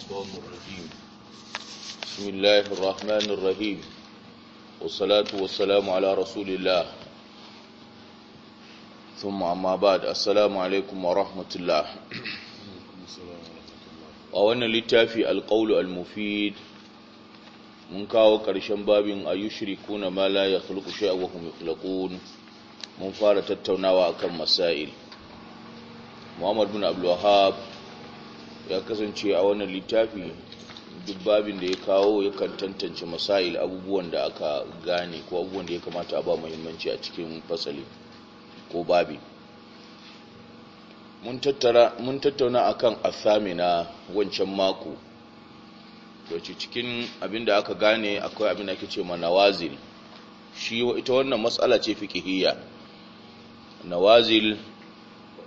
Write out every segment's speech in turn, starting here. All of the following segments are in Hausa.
الشيطان الرجيم بسم الله الرحمن الرحيم والصلاة والسلام على رسول الله ثم بعد السلام عليكم الله لتافي القول المفيد mun kawo ƙarshen babin a yushrikuna ma la yakhluqu shay'an wa hum mun fara tattaunawa akan masail Muhammad bin Abdul ya kasance a wannan littafi duk babin da ya kawo kan tantance masail abubuwan da aka gane ko abubuwan da ya kamata a ba muhimmanci a cikin fasali ko babi mun tattauna a kan asami na wancan mako wacce cikin abin da aka gane akwai abin ake ce ma nawazil shi ita wannan matsala ce fiqhiyya nawazil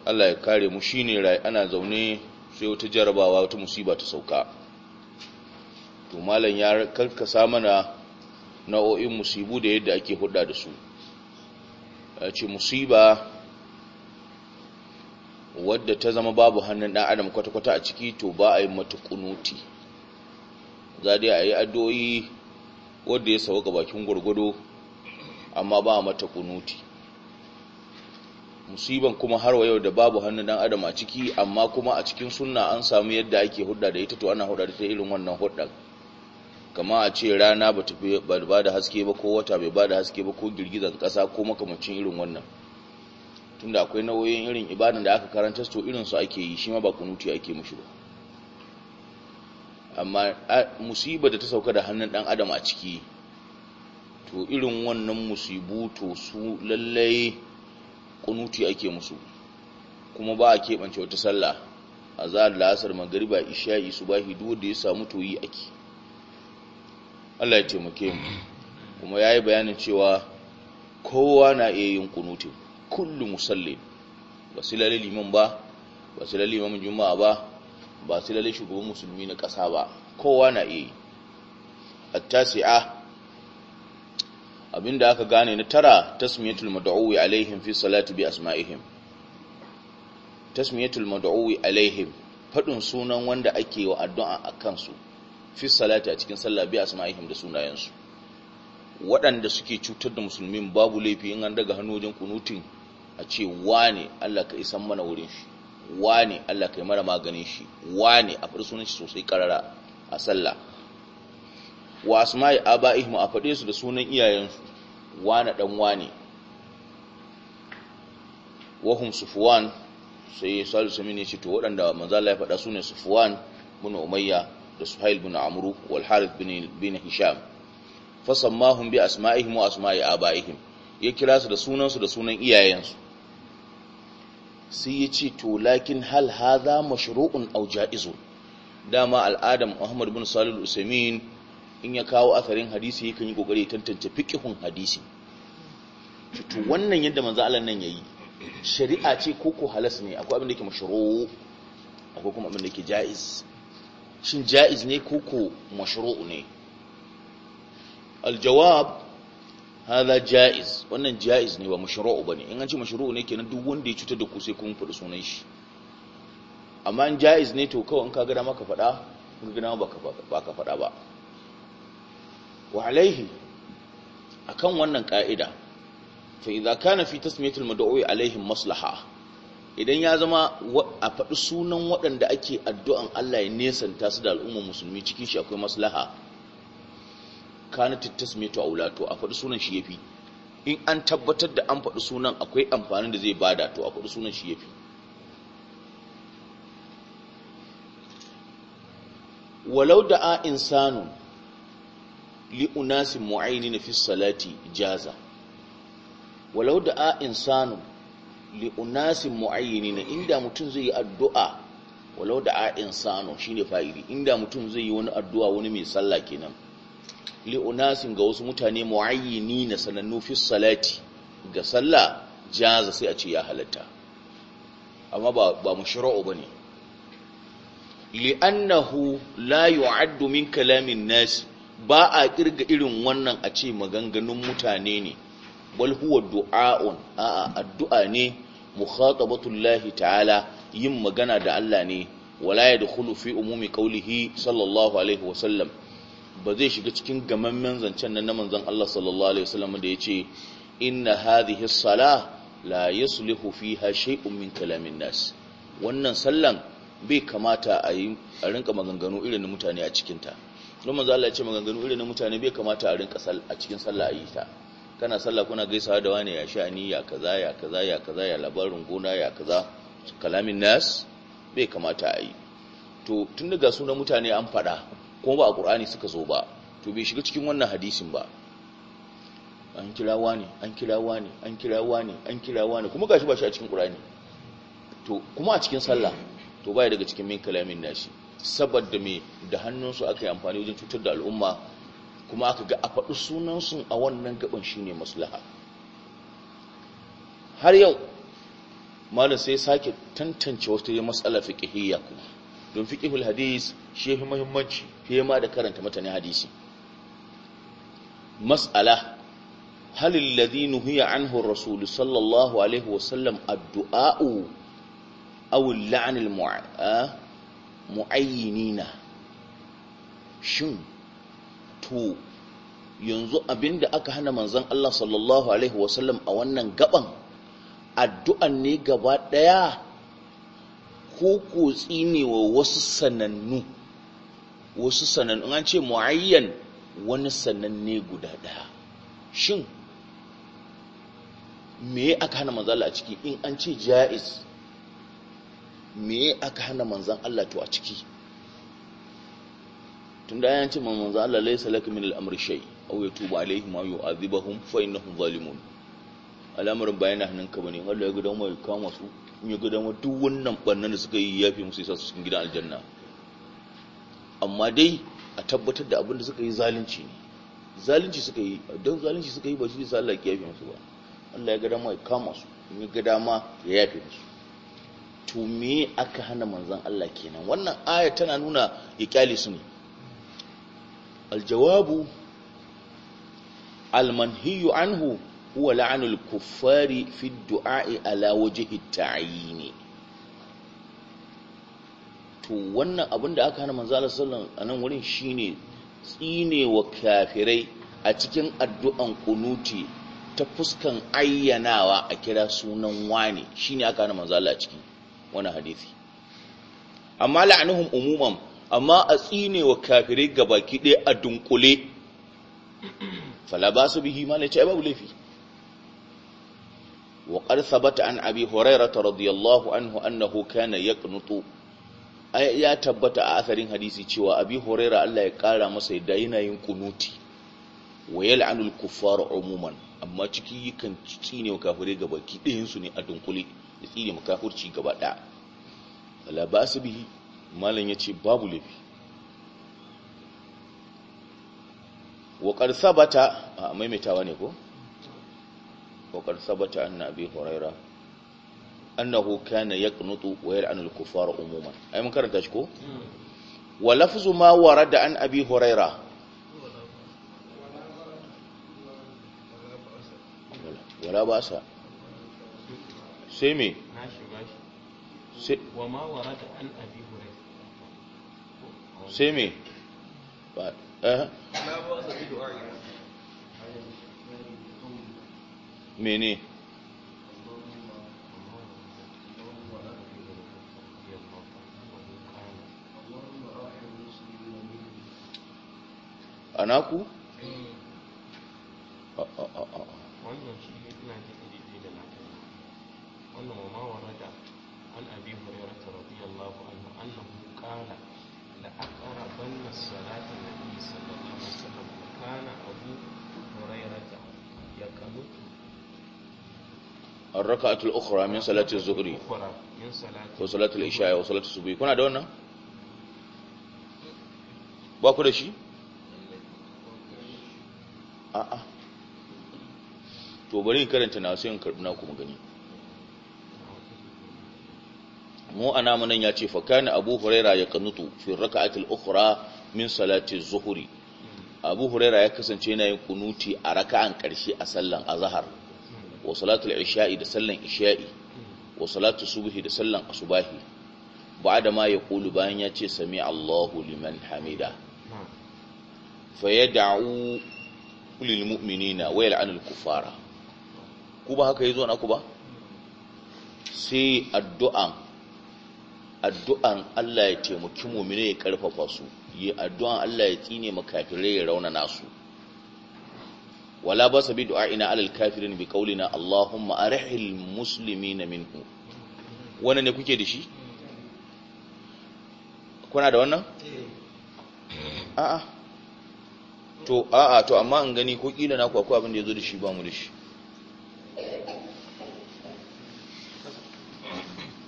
Allah ya kare mu shine rai ana zaune sai wata jarabawa wata musiba ta sauka to malam ya karkasa mana nau'o'in musibu da yadda ake hudda da su yace ce musiba wadda ta zama babu hannun ɗan adam kwata-kwata a ciki to ba a yi mata kunuti za dai a yi addu'o'i wadda ya sauka bakin gwargwado amma ba a mata kunuti musiban kuma har wa yau da babu hannun dan adam a ciki amma kuma a cikin sunna an samu yadda ake hudda da ita to ana hudda da ta irin wannan huddan kama a ce rana ba ta ba da haske ba ko wata bai ba da haske ba ko girgizan kasa ko makamacin irin wannan tunda akwai nau'o'in irin ibadan da aka karanta to irin su ake yi shi ma ba kunuti ake mushi ba amma musiba da ta sauka da hannun dan adam a ciki to irin wannan musibu to su lallai kunuti ake musu kuma ba a keɓance wata sallah a za'ar la'asar magariba isha'i su bahi duk da ya samu toyi ake Allah ya taimake mu kuma ya yi bayanin cewa kowa na iya yin kunuti kullum musallin ba su lalle liman ba ba su lalle limamin juma'a ba ba su lalle shugaban musulmi na ƙasa ba kowa na iya yi a tasia abinda aka gane na tara tasmiyatul mad'uwi alaihim fi salati bi asma'ihim tasmiyatul mad'uwi alaihim fadin sunan wanda ake wa addu'a akan su fi salati a cikin sallah bi asma'ihim da sunayensu waɗanda suke cutar da musulmi babu laifi in an daga hannu wajen kunutin a ce wane Allah ka isan mana wurin shi wane Allah ka yi mara maganin shi wane a faɗi sunan shi sosai karara a sallah wa asma'i aba'ihim a faɗe su da sunan iyayensu wane dan wane wahum sufwan sai salisu min ya ce to waɗanda manzo Allah ya faɗa sune sufwan bin umayya da suhail bin amru wal harith bin bin hisham fasammahum bi asma'ihim wa asma'i aba'ihim ya kira su da sunan su da sunan iyayensu sai ya ce to lakin hal hadha mashru'un aw ja'izun dama al'adam Muhammad bin Salih al-Usaimin in ya kawo asarin hadisi yakan yi kokari tantance fiqhun hadisi to wannan yadda manzo Allah nan yayi shari'a ce ko ko halas ne akwai abin da yake mashru akwai kuma abin da yake jaiz shin jaiz ne ko ko mashru ne aljawab hada jaiz wannan jaiz ne ba ba bane in an ce mashru ne kenan duk wanda ya cutar da ku sai kun faɗi sunan shi amma in jaiz ne to kawai in ka ga dama ka faɗa in ka ga dama baka faɗa ba wa alaihi akan wannan ka'ida fa idza kana fi tasmiyatil mad'u alaihim maslaha idan ya zama a faɗi sunan waɗanda ake addu'an Allah ya nesanta su da al'ummar musulmi cikin shi akwai maslaha kana tasmiyatu aulato a faɗi sunan shi yafi in an tabbatar da an faɗi sunan akwai amfani da zai bada to a faɗi sunan shi yafi walau da'a insanu li'unasi na fi salati jaza walau da a insanu li'unasi na inda mutum zai yi addu'a walau da a insanu ne fa'ili inda mutum zai yi wani addu'a wani mai tsalla kenan li'unasin ga wasu mutane mu'ayyini na sanannu fi salati ga sallah jaza sai a ce ya halatta amma ba ba ne li'annahu la yu'addu min kalamin nasi ba a kirga irin wannan a ce maganganun mutane ne bal huwa du'a'un a'a addu'a ne mukhatabatullahi ta'ala yin magana da Allah ne wala yadkhulu fi umumi qawlihi sallallahu alaihi sallam ba zai shiga cikin gamammen zancen nan na manzon Allah sallallahu alaihi sallam da yace inna hadhihi salah la yuslihu fiha shay'un min kalamin nas wannan sallan bai kamata a yi a rinka maganganu irin mutane a cikinta don manzo Allah ya ce maganganu irin na mutane bai kamata a rinka a cikin sallah a yi ta kana sallah kuna gaisawa da wani ya sha'ani ya kaza ya kaza ya kaza ya labarin gona ya kaza kalamin nas bai kamata a yi to tun daga sunan mutane an faɗa kuma ba a qur'ani suka zo ba to bai shiga cikin wannan hadisin ba an kira wani an kira wani an kira wani an kira wani kuma gashi ba shi a cikin qur'ani to kuma a cikin sallah to baya daga cikin min kalamin nashi saboda me da hannunsu aka yi amfani wajen cutar da al'umma kuma aka ga a faɗi sunansu a wannan gaban shine maslaha har yau malam sai sake tantance wata matsala fiƙihiyya kuma don fiƙihul hadis shi yi muhimmanci fiye ma da karanta mutane hadisi Matsala, halin ladinu nuhiya anhu ar-rasul sallallahu alaihi wasallam addu'a'u dua aw mu'a'a ah? mu'ayyinina shin to yanzu abinda aka hana manzon Allah sallallahu alaihi wasallam a wannan gaban addu'an ne gaba daya ko kotsi ne wa wasu sanannu wasu sanannu an ce mu'ayyan wani sananne guda ɗaya. shin me aka hana manzon Allah a ciki in an ce jaiz me aka hana manzan Allah to a ciki tun da yanci manzan Allah laisa laka min al'amri shay aw yatubu alaihim aw yu'adhibuhum fa innahum zalimun al'amarin bayan hannun ka bane Allah ya gudan mai kama su in ya gudan duk wannan bannan da suka yi yafi musu yasa su cikin gidan aljanna amma dai a tabbatar da abin da suka yi zalunci ne zalunci suka yi don zalunci suka yi ba shi sa Allah ya yafe musu ba Allah ya ga dama ya kama su in ya ga dama ya yafe musu to me aka hana manzan Allah kenan wannan aya tana nuna ya kyale su ne aljawabu almanhiyu anhu huwa la'anul kuffari fi du'a'i ala wajhi ta'yin to wannan abin da aka hana manzan Allah sallallahu alaihi wasallam wurin shine tsine wa kafirai a cikin addu'an kunuti ta fuskan ayyanawa a kira sunan wane shine aka hana manzala Allah ciki wani hadisi amma la'anuhum umuman amma a tsine wa kafirai gabaki ɗaya a dunkule fala bihi ma ce babu laifi wa qad thabata an abi hurairah radiyallahu anhu annahu kana yaqnutu ai ya tabbata a asarin hadisi cewa abi hurairah Allah ya kara masa yadda yana yin kunuti wa yal'anul kuffara umuman amma ciki yakan tsine wa kafirai gabaki ɗayan su ne a dunkule ya tsire makafurci gaba ɗaya ala ba su bihi malin ya ce babu laifi waƙar sabata a maimaitawa ne ko waƙar sabata an na abin horaira an na hoka na ya wa wayar an kuffar umuman a yi makaranta shi ko wa lafzu ma wara da an abin horaira wala ba sa sai me mene anaku ta'ala la aqra banna salati nabi ya kamu الركعه الاخرى من صلاه الظهر من صلاه العشاء وصلاه الصبح كنا wannan ba ku da shi a to bari karanta na sai in karbi na kuma gani. mu ana munan ya ce fakani abu huraira ya kanutu fi raka'atil ukhra min salati zuhuri abu huraira ya kasance yana yin kunuti a raka'an karshe a sallan azhar wa salatul isha'i da sallan isha'i wa salatu subhi da sallan asubahi ba'da ma ya kulu bayan ya ce sami Allahu liman hamida fa yad'u lil mu'minina wa yal'anul kufara ku ba haka yazo na ku ba sai addu'an addu'an Allah ya taimaki mumine ya karfafa su yi addu'an Allah ya tsine makafirai ya raunana su wala ba sabi ina alal kafirin bi qaulina Allahumma musulmi na minhu wannan ne kuke da shi kuna da wannan a'a to a'a to amma in gani ko kila na akwai abin da zo da shi ba mu da shi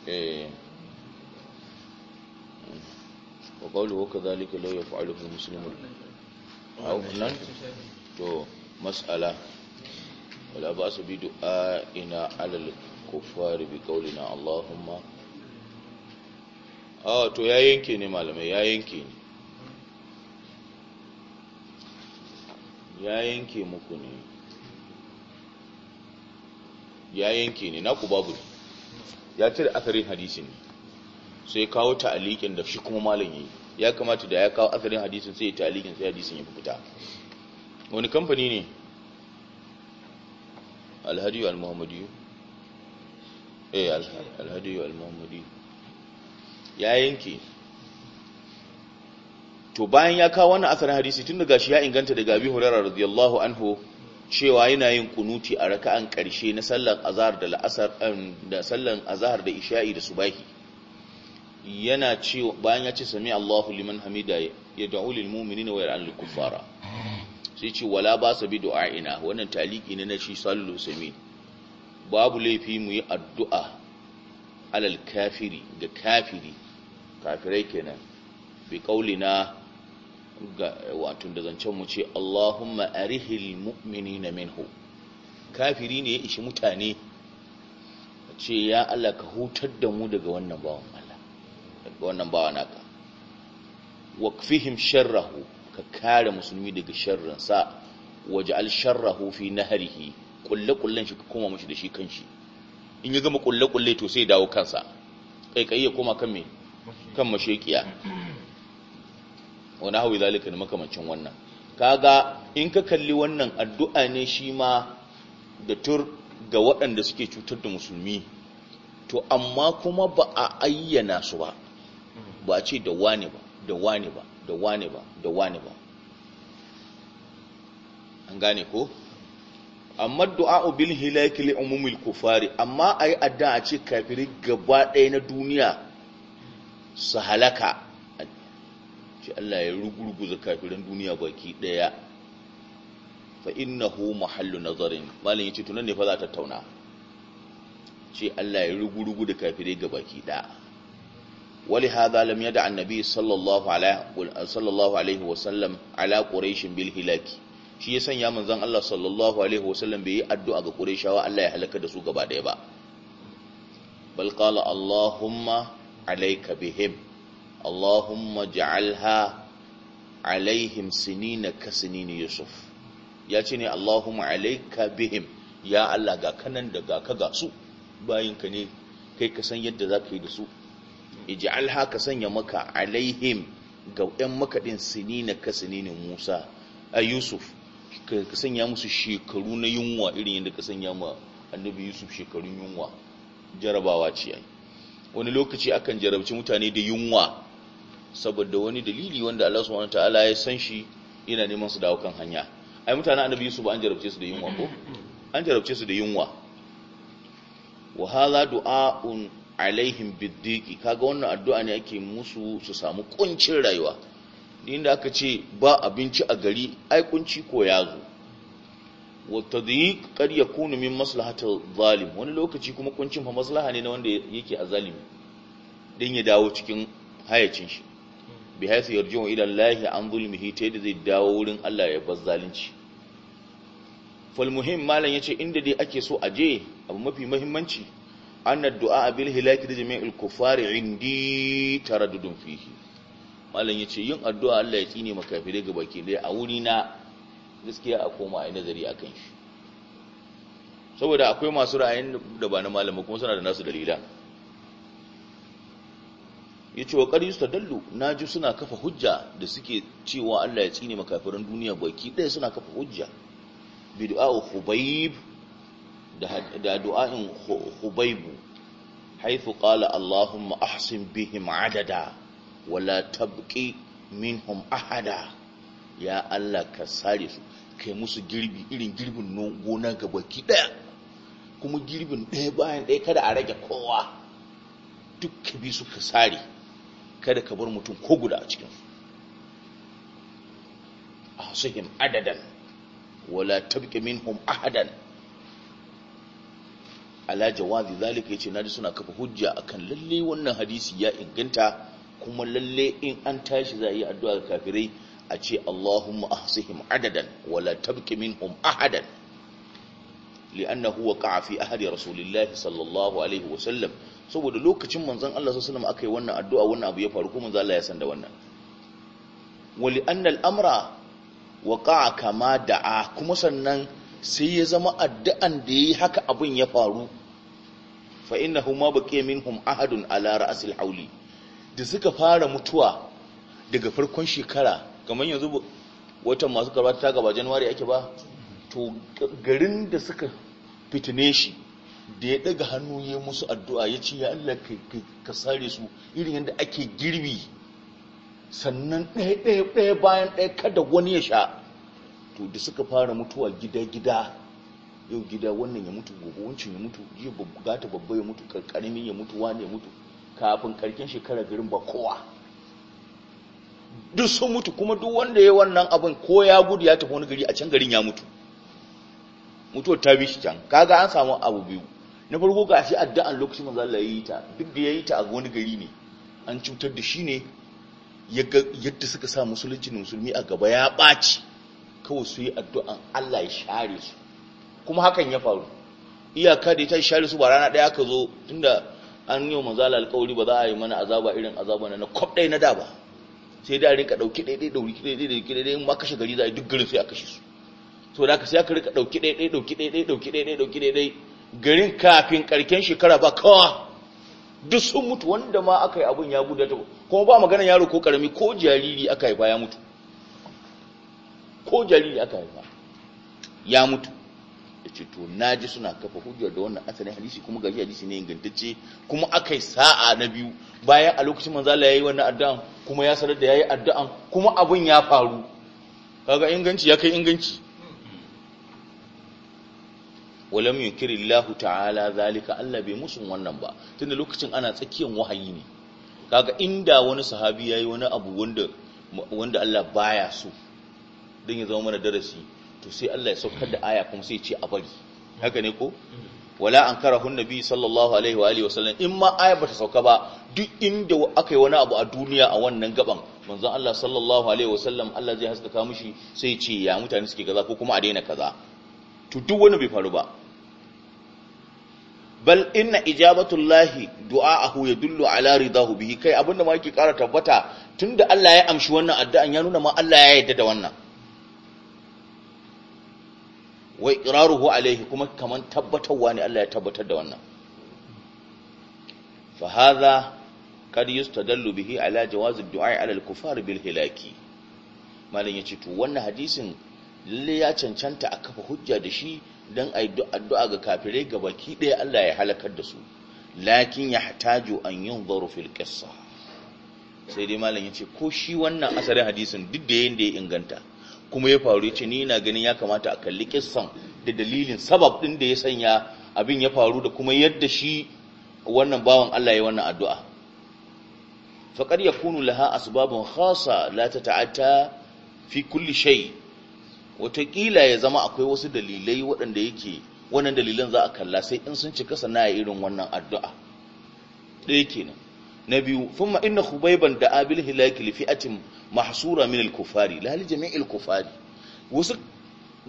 eh qawlu wa kadhalika la yaf'aluhu muslimun aw nan to mas'ala wala ba su bi du'a ina alal kufari bi qawlina allahumma ah to ya yanke ne malamai ya yanke ne ya yanke muku ne ya yanke ne naku babu ne ya cire asarin hadisin. sai kawo ta'alikin da shi kuma malam yi ya kamata da ya kawo asalin hadisin sai ya talikin sai hadisin ya fita wani kamfani ne alhadiyu almuhammadiyu eh alhadiyu almuhammadiyu ya yanke to bayan ya kawo wannan asalin hadisi tun daga shi ya inganta daga abi hurairah radiyallahu anhu cewa yana yin kunuti a raka'an karshe na sallar azhar da la'asar um, da sallar azhar da isha'i da subahi yana ce bayan ya ce sami Allahu liman hamida ya da'u lil mu'minina wa yar'al kufara sai ce wala ba sa bi du'a'ina wannan taliki ne na shi sallu sami babu laifi mu yi addu'a alal kafiri ga kafiri kafirai kenan bi qaulina ga wato da zancen mu ce Allahumma arihil mu'minina minhu kafiri ne ya ishi mutane ce ya Allah ka hutar da mu daga wannan bawan ga wannan bawa naka waqfihim sharrahu ka kare musulmi daga sharrin sa waj'al sharrahu fi nahrihi kullun shi ka koma da shi kanshi in ya gama kullu to sai dawo kansa kai ya koma kan me kan mashekiya wani hawi zalika da makamancin wannan kaga in ka kalli wannan addu'a ne shi ma da tur ga waɗanda suke cutar da musulmi to amma kuma ba a ayyana su ba ba a ce da wane ba da wane ba da wane ba da wane ba an gane ko amma du'a bil hilaki li umumil kufari amma ai adda a ce kafiri gaba ɗaya na duniya su halaka shi Allah ya rugurguza kafirin duniya baki ɗaya fa innahu mahallu nazarin malin yace tunan ne fa za ta tauna shi Allah ya rugurugu da kafirai gaba ki ɗaya ولهذا لم يدع النبي صلى الله عليه صلى الله عليه وسلم على قريش بالهلاك shi ya sanya manzon Allah sallallahu alaihi wasallam bai yi addu'a ga Qurayshawa Allah ya halaka da su gaba daya ba bal qala Allahumma alayka bihim Allahumma ja'alha alaihim sinina ka sinini Yusuf ya ce ne Allahumma alayka bihim ya Allah ga kanan da ga ka ga su ne kai ka san yadda zaka yi da su ij'al haka sanya maka alaihim ga ɗan makaɗin sinina ka sininin Musa a Yusuf ka sanya musu shekaru na yunwa irin yadda ka sanya ma annabi Yusuf shekarun yunwa jarabawa ce ai wani lokaci akan jarabci mutane da yunwa saboda wani dalili wanda Allah subhanahu wataala ya san shi yana neman su dawo kan hanya ai mutanen annabi Yusuf an jarabce su da yunwa ko an jarabce su da yunwa wa hadha du'a'un alaihim biddiki kaga wannan addu'a ne ake musu su samu kuncin rayuwa inda aka ce ba abinci a gari ai kunci ko ya zo wa tadyiq qad yakunu min maslahatar zalim wani lokaci kuma kuncin fa maslaha ne na wanda yake azalimi din ya dawo cikin hayacin shi bi haythu yarji'u ila Allah an zulmihi hita yadda zai dawo wurin Allah ya bar zalunci fal muhim ya ce inda dai ake so a aje abu mafi muhimmanci anna du'a bil hilaki da jami'il kufari indi taraddudun fihi malam yace yin addu'a Allah ya tsine makafirai ga baki dai a wuri na gaskiya a koma a nazari akan shi saboda akwai masu ra'ayin da ba na malama kuma suna da nasu dalila yace wa qari yustadallu ji suna kafa hujja da suke cewa Allah ya tsine makafiran duniya baki dai suna kafa hujja bid'a khubayb da du'a'in hubaibu haifu qala allahumma ahsin bihim adada wala tabqi minhum ahada ya allah ka sare su kai musu girbi irin girbin gona gabaki daya kuma girbin daya bayan daya kada a rage kowa duk ka bi su ka sare kada ka bar mutum ko guda a cikin ahsihim adadan wala tabqi minhum ahadan ala jawazi zalika yace naji suna kafa hujja akan lalle wannan hadisi ya inganta kuma lalle in an tashi za a yi addu'a ga kafirai a ce Allahumma ahsihim adadan wala tabqi minhum ahadan li'annahu waqa'a fi ahli rasulillah sallallahu alaihi wa sallam saboda lokacin manzon Allah sallallahu alaihi akai wannan addu'a wannan abu ya faru kuma manzon Allah ya san da wannan Wa anna al-amra waqa'a kama da'a kuma sannan sai ya zama addu'an da yayi haka abin ya faru fa ba ke min hum ahadun lara asil hauli da suka fara mutuwa daga farkon shekara kamar yanzu watan masu karbata ta gaba Januwari ake ba to garin da suka fitine shi da ya daga hannu ya musu addu'a ya ce ya Allah ka sare su irin yadda ake girbi sannan ɗaya ɗaya ɗaya bayan ɗaya kada wani ya sha to da suka fara mutuwa gida-gida yau gida wannan ya mutu gobe wancan ya mutu jiya gata babba ya mutu karkarmin ya mutu wani ya mutu kafin karkin shekara garin ba kowa duk sun mutu kuma duk wanda ya wannan abin ko ya gudu ya tafi wani gari a can garin ya mutu mutuwar ta bi shi can kaga an samu abu biyu na farko ga shi addu'an lokacin manzo Allah ya yi ta duk da ya yi ta a wani gari ne an cutar da shi ne yadda suka sa musulunci da musulmi a gaba ya ɓaci kawai su yi addu'an Allah ya share su kuma hakan ya faru iyaka da ta share su ba rana ɗaya aka zo tunda an yi mazala alkawari ba za a yi mana azaba irin azaba na kwab ɗaya na da ba sai da rinka ɗauki ɗaiɗai ɗauki ɗaiɗai ɗauki ɗaiɗai ma kashe gari za a yi duk garin sai a kashe su to da ka sai aka rinka ɗauki ɗaiɗai ɗauki ɗaiɗai ɗauki ɗaiɗai ɗauki ɗaiɗai garin kafin ƙarken shekara ba kawa duk sun mutu wanda ma aka yi abin ya gudu ba magana yaro ko ko jariri aka haifa ya mutu ko jariri aka haifa ya mutu ya ce to ji suna kafa hujjar da wannan asalin hadisi kuma gari hadisi ne ingantacce kuma yi sa'a na biyu bayan a lokacin manzo Allah yi wannan addu'an kuma ya sanar da yi addu'an kuma abin ya faru kaga inganci ya kai inganci walam yunkiri Allah ta'ala zalika Allah bai musu wannan ba tunda lokacin ana tsakiyar wahayi ne kaga inda wani sahabi yayi wani abu wanda wanda Allah baya so don ya zama mana darasi to sai Allah ya saukar da aya kuma sai ce a bari haka ne ko wala an kara hun nabi sallallahu alaihi wa alihi wasallam in ma aya bata sauka ba duk inda aka yi wani abu a duniya a wannan gaban manzon Allah sallallahu alaihi wasallam Allah zai haskaka mishi sai ce ya mutane suke kaza ko kuma a daina kaza to duk wani bai faru ba bal inna ijabatullahi du'aahu yadullu ala ridahu bihi kai abinda ma yake kara tabbata tunda Allah ya amshi wannan addu'an ya nuna ma Allah ya yarda da wannan wa iqraruhu alaihi kuma kaman tabbatarwa ne Allah ya tabbatar da wannan fa hadha kad yustadallu bihi ala jawaz ad-du'a ala al kufar bil hilaki malan yace to wannan hadisin lalle ya cancanta a kafa hujja da shi dan ai addu'a ga kafirai ga baki ɗaya Allah ya halakar da su lakin yahtaju an yunzaru fil qissa sai dai malan yace ko shi wannan asarin hadisin duk da yayin da ya inganta kuma ya faru ce ni na ganin ya kamata a kalli kissan da dalilin sabab din da ya sanya abin ya faru da kuma yadda shi wannan bawan Allah ya wannan addu'a ya kunu laha asubabin khasa la ta’ata fi kulli shai, watakila ya zama akwai wasu dalilai waɗanda yake wannan dalilan za a kalla sai in sun cika sana irin wannan addu'a ɗaya kenan na biyu thumma ina Hubaiban da bil hilaki li mahsura min al-kufari la li jami'il kufari wasu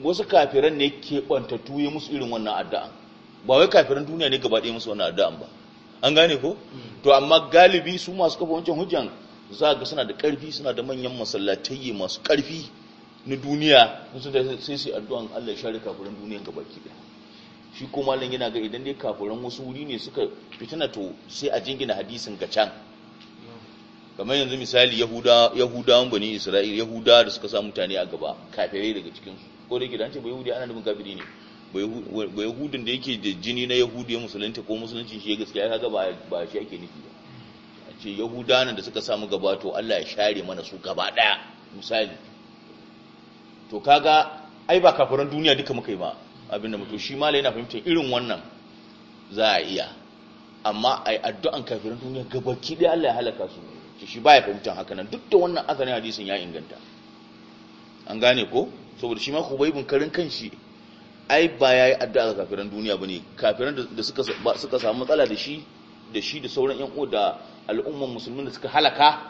wasu kafiran ne ke banta tuye musu irin wannan addu'a ba wai kafiran duniya ne gaba ɗaya musu wannan addu'a ba an gane ko mm. to amma galibi su masu kafa wancan hujjan za ga suna da ƙarfi suna da manyan masallatai masu ƙarfi na duniya sai sai addu'an Allah ya share kafiran duniya gaba ki shi ko malam yana ga idan dai kafiran wasu wuri ne suka fitina to sai a jingina hadisin ga can kamar yanzu misali yahuda yahudawan bani isra'il yahuda da suka sa mutane a gaba kafirai daga cikin su ko da yake dan ce ba yahudi ana nufin kafiri ne ba yahudin da yake da jini na yahudi ya musulunta ko musulunci shi ya gaskiya kaga ba ba shi ake nufi ba a ce nan da suka sa mu gaba to Allah ya share mana su gaba daya misali to kaga ai ba kafiran duniya duka muka yi ba abinda mutum shi ma yana fahimtar irin wannan za a iya amma yi addu'an kafirin duniya gabaki dai Allah ya halaka su ke shi baya fahimtar haka nan duk da wannan azarin hadisin ya inganta an gane ko saboda shi ma Khubaybun karin kanshi ai ba yi addu'a ga kafirin duniya ne kafirin da suka samu matsala da shi da shi da sauran yan uwa da al'umman musulmin da suka halaka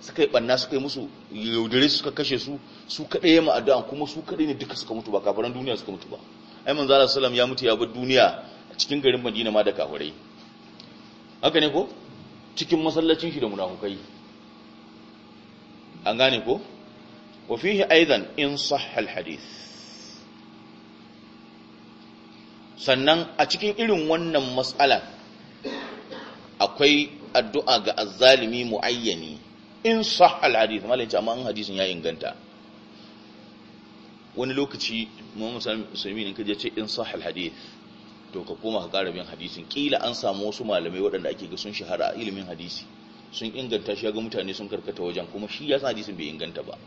suka yi banna suka yi musu yaudare suka kashe su su kadai yamma addu'a kuma su kadai ne duka suka mutu ba kafiran duniya suka mutu ba ai manzo salam ya mutu ya bar duniya a cikin garin Madina ma da kafirai haka ne ko cikin masallacin shi da munafukai an gane ko wa fihi aidan in sahha alhadith sannan a cikin irin wannan mas'ala akwai addu'a ga azzalimi muayyani in sahha alhadith hadith malai ce amma an hadisin ya inganta wani lokaci mu musulmi ne kaje ce in sahha alhadith to ka koma ka ƙara bin hadisin kila an samu wasu malamai waɗanda ake ga sun shahara a ilimin hadisi sun inganta shi ga mutane sun karkata wajen kuma shi ya san hadisin bai inganta ba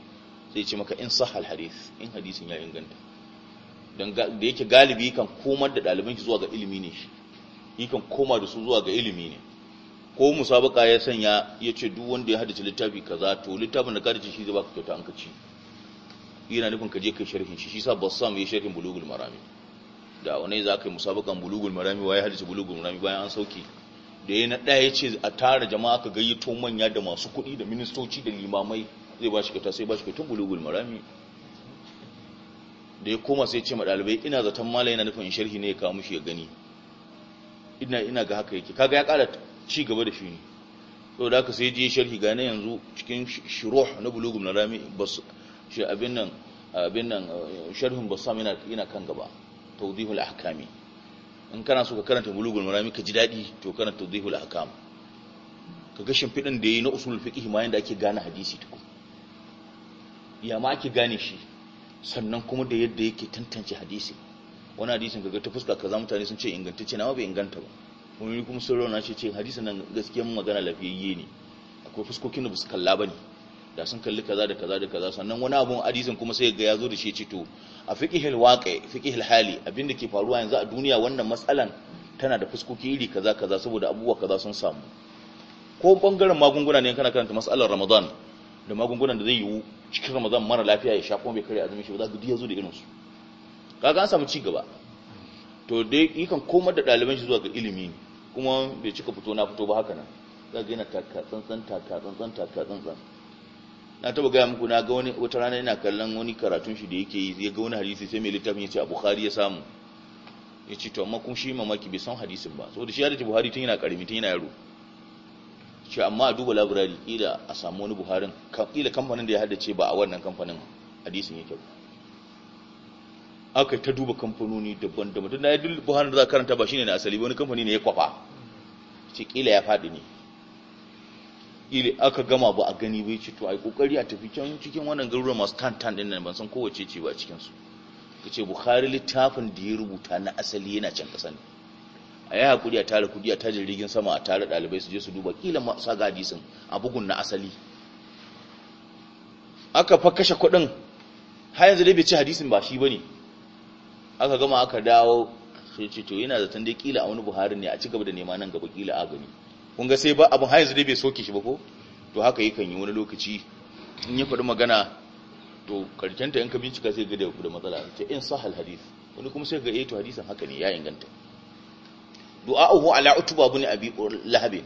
sai ce maka in sahal hadis in hadisin ya inganta dan da yake galibi kan komar da ɗaliban shi zuwa ga ilimi ne shi kan koma da su zuwa ga ilimi ne ko musabaka ya sanya ya ce duk wanda ya haddace littafi kaza to littafin da ka ce shi zai baka kyauta an ka ci yana nufin ka je kai sharhin shi shi sa bassam ya sharhin bulugul marami da wani za ka yi musabakan bulugul marami waye hadisi bulugul marami bayan an sauke da ya na ya ce a tara jama'a ka gayyato manya da masu kuɗi da ministoci da limamai zai ba shi kyauta sai ba shi kyautar bulugul marami da ya koma sai ce ma ina zaton mala yana nufin sharhi ne ya kawo mushi ya gani ina ina ga haka yake kaga ya ƙara ci gaba da shi ne da aka sai je sharhi gane yanzu cikin shuruh na bulugul marami su shi abin nan abin nan sharhin bassam yana kan gaba tawdihul ahkami in kana so ka karanta bulugul marami ka ji dadi to karanta tawdihul ahkam ka ga shimfidin da yayi na usul fiqh ma yanda ake gane hadisi tukun ya ma ake gane shi sannan kuma da yadda yake tantance hadisi wani hadisin kaga ta fuska kaza mutane sun ce ingantacce na ba bai inganta ba wani kuma sun rauna shi ce hadisin nan mun magana lafiyayye ne akwai fuskokin da ba su kalla ba ne da sun kalli kaza da kaza da kaza sannan wani abun hadisin kuma sai ga ya zo da shi cito a fiqihil waqi fiqihil hali abinda ke faruwa yanzu a duniya wannan matsalan tana da fuskoki iri kaza kaza saboda abubuwa kaza sun samu ko bangaren magunguna ne kana karanta masalan Ramadan da magungunan da zai yiwu cikin Ramadan mara lafiya ya sha kuma bai kare azumi shi ba za ka ya zo da irin su kaga an samu ci gaba to dai yakan komar da ɗaliban shi zuwa ga ilimi kuma bai cika fito na fito ba haka nan za ka yana taka tsantsan taka tsantsan taka tsantsan na taba gaya muku na ga wani wata rana yana kallon wani karatun shi da yake yi ya ga wani hadisi sai mai littafin ya ce a bukhari ya samu ya ce to amma kun shi mamaki bai san hadisin ba saboda shi ya da buhari tun yana karimi tun yana yaro ce amma a duba labirari kila a samu wani buharin kila kamfanin da ya haddace ba a wannan kamfanin hadisin yake ba aka ta duba kamfanoni daban-daban tun da ya duba buharin da za karanta ba shine na asali wani kamfani ne ya kwafa ce kila ya faɗi ne ile aka gama ba a gani bai ce to ai kokari a tafi can cikin wannan garuruwa masu tantan din nan ban san kowace ce ba cikin su kace bukhari littafin da ya rubuta na asali yana can kasa ne a yi hakuri a tare kudi a tajin rigin sama a tare dalibai su je su duba kila ma sa ga hadisin a bugun na asali aka fa kashe kuɗin har yanzu dai bai ci hadisin ba shi bane aka gama aka dawo sai ce to yana zaton dai kila a wani buhari ne a ci gaba da nema nan gaba kila a gani kun ga sai ba abin haizu yanzu dai bai soke shi ba ko to haka yakan yi wani lokaci in ya faɗi magana to karkenta yanka bincika sai ga da da matsala ta in sahal hadith wani kuma sai ga eto eh, hadisan haka ne ya inganta uhu ala utuba bin abi lahabin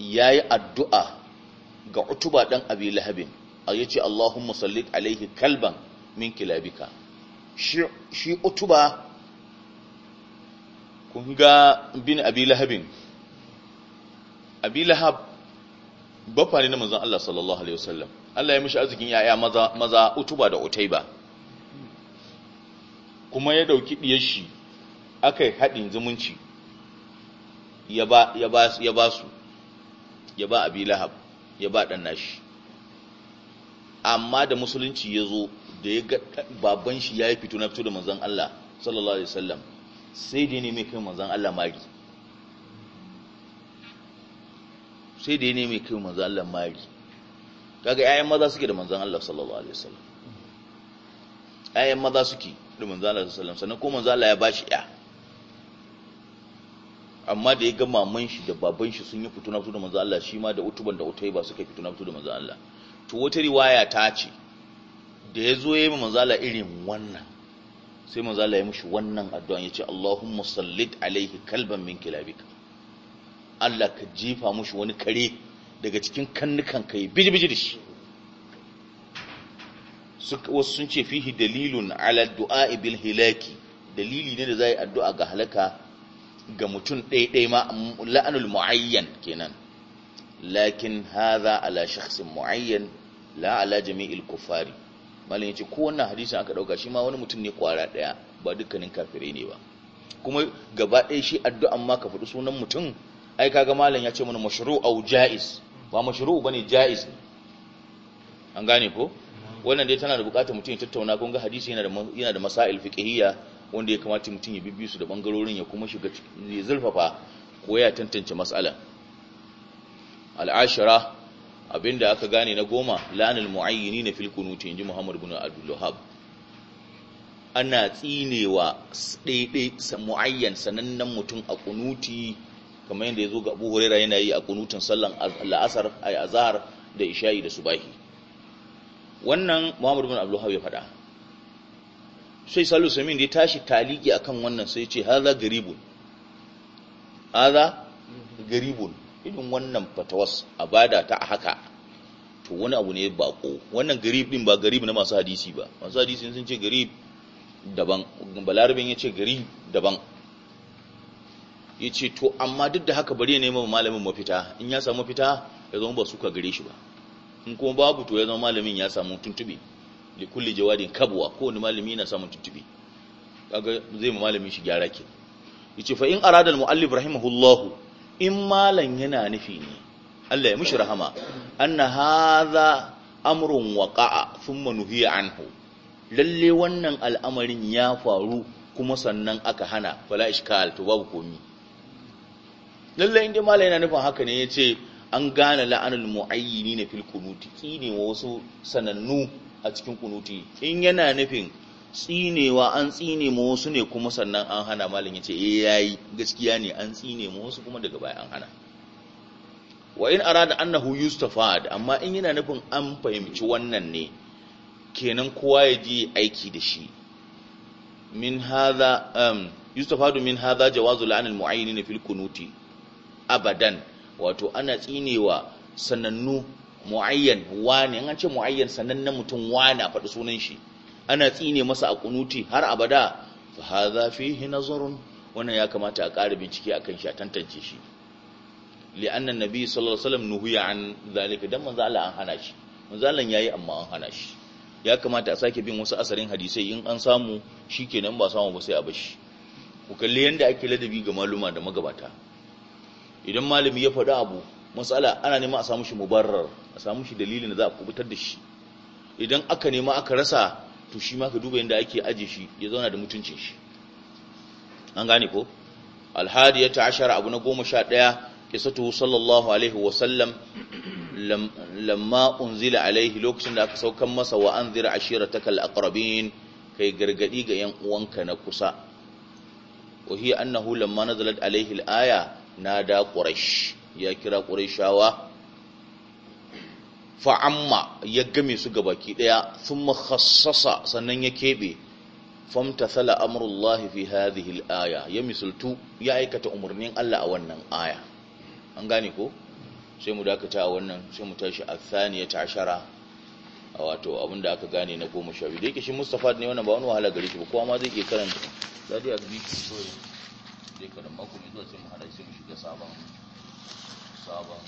yayi addu'a ga utuba dan abi lahabin yace Allahumma sallit alaihi kalban min kilabika shi shi utuba kun ga bin abi lahabin abi lahab bafa ne na manzon Allah sallallahu alaihi wasallam Allah ya mishi arzikin yaya maza maza utuba da utaiba kuma ya dauki diyar shi akai hadin zumunci ya ba ya ba ya ba su ya ba abi lahab ya ba dan nashi amma da musulunci ya zo da ya ga baban shi ya yi fito na fito da manzon Allah sallallahu alaihi wasallam sai dai ne mai kai manzon Allah mari sai da ya neme kai manzan Allah mari kaga ƴaƴan maza suke da manzan Allah sallallahu alaihi wasallam ƴaƴan maza suke da manzan Allah sallallahu alaihi wasallam sannan ko manzan Allah ya bashi ƴa amma da ya ga maman shi da baban shi sun yi fito na fito da manzan Allah shi ma da utuban da utai ba suka fito na fito da manzan Allah to wata riwaya ta ce da ya zo ya yi manzan Allah irin wannan sai manzan Allah ya mishi wannan addu'a ya ce Allahumma sallit alaihi kalban min kilabika Allah ka jefa mushi wani kare daga cikin kannukan kai biji da shi wasu sun ce fihi dalilun ala du'a bil hilaki dalili ne da zai addu'a ga halaka ga mutum ɗaiɗai ma la'anul muayyan kenan lakin haza ala shakhsin muayyan la ala jami'il kufari malam yace ko wannan hadisin aka dauka shi ma wani mutum ne kwara daya ba dukkanin kafirai ne ba kuma gaba ɗaya shi addu'an ma ka faɗi sunan mutum ai kaga malam ya ce mana mashru au jaiz ba mashru bane jaiz an gane ko wannan dai tana da bukatar mutum ya tattauna kun ga hadisi yana da yana da masail fiqhiyya wanda ya kamata mutum ya bibbi su da bangarorin ya kuma shiga ya zulfafa ko ya tantance mas'ala al'ashira abinda aka gane na goma la'anul mu'ayyinin fil kunuti inji Muhammad ibn Abdul ana tsinewa daidai mu'ayyan sanannen mutum a kunuti kamar yadda ya zo ga Abu Huraira yana yi a kunutun sallan la'asar a azhar da isha'i da subahi wannan Muhammadu bin Abdul ya faɗa sai Salu Samin da ya tashi taliki akan wannan sai ce haza garibun haza garibun irin wannan fatawas a bada ta a haka to wani abu ne bako wannan garib din ba garib na masu hadisi ba masu hadisi sun ce garib daban balarabin ya ce garib daban ya ce to amma duk da haka bari ya nema malamin mafita in ya samu mafita ya zama ba suka gare shi ba in kuma babu to ya zama malamin ya samu tuntube da kulli jawadin kabuwa, ko wani malami yana samun tuntube kaga zai ma malamin shi gyara ke yace fa in aradar muallif rahimahullahu in malan yana nufi ne Allah ya mushi rahama anna hadha amrun waqa'a thumma nuhiya anhu lalle wannan al'amarin ya faru kuma sannan aka hana fala ishkal to babu komi lallai inda malai yana nufin haka ne ya ce an gane la'anul mu'ayyini na fil kunuti tsinewa wasu sanannu a cikin kunuti in yana nufin tsinewa an tsine mu wasu ne kuma sannan an hana malam ya ce eh yayi gaskiya ne an tsine mu wasu kuma daga baya an hana wa in arada annahu yustafad amma in yana nufin an fahimci wannan ne kenan kowa ya je aiki da shi min hadha um yustafadu min hadha jawazu la'an al fil kunuti abadan wato ana tsinewa sanannu muayyan wani an ce muayyan sanannen mutum wani a faɗi sunan shi ana tsine masa a kunuti har abada fa hadha fihi nazarun wannan ya kamata a ƙara bincike akan shi a tantance shi li'an nabi sallallahu alaihi wasallam nuhiya an zalika dan manzo Allah an hana shi manzo Allah yayi amma an hana shi ya kamata a sake bin wasu asarin hadisai in an samu shikenan ba samu ba sai a bashi ku kalli yanda ake ladabi ga maluma da magabata idan malami ya faɗi abu matsala ana nema a samu shi mubarrar a samu shi dalilin da za a kubutar da shi idan aka nema aka rasa to shi ma ka duba yadda ake ajiye shi ya zauna da mutuncin shi an gane ko alhadi ya ashara abu na goma sha ɗaya kisatu sallallahu alaihi wasallam lamma unzila alaihi lokacin da aka saukan masa wa an zira a aqrabin kai gargadi ga yan uwanka na kusa wa hiya annahu lamma nazalat alaihi alaya na da ƙurash ya kira ƙurashawa fa'amma ya game su ga baki ɗaya sun makhassasa sannan ya keɓe famta-sala: famtathala amurullahi fi hadihil aya ya misaltu ya aikata umarnin Allah a wannan aya an gane ko sai mu dakata a wannan sai mu tashi a ta ashara a wato abinda aka gane na goma sha biyu da yake shi mustapha ne wannan ba wani wahala gari shi ba kowa ma zai iya karanta zai iya karanta sağlam. Sağlam.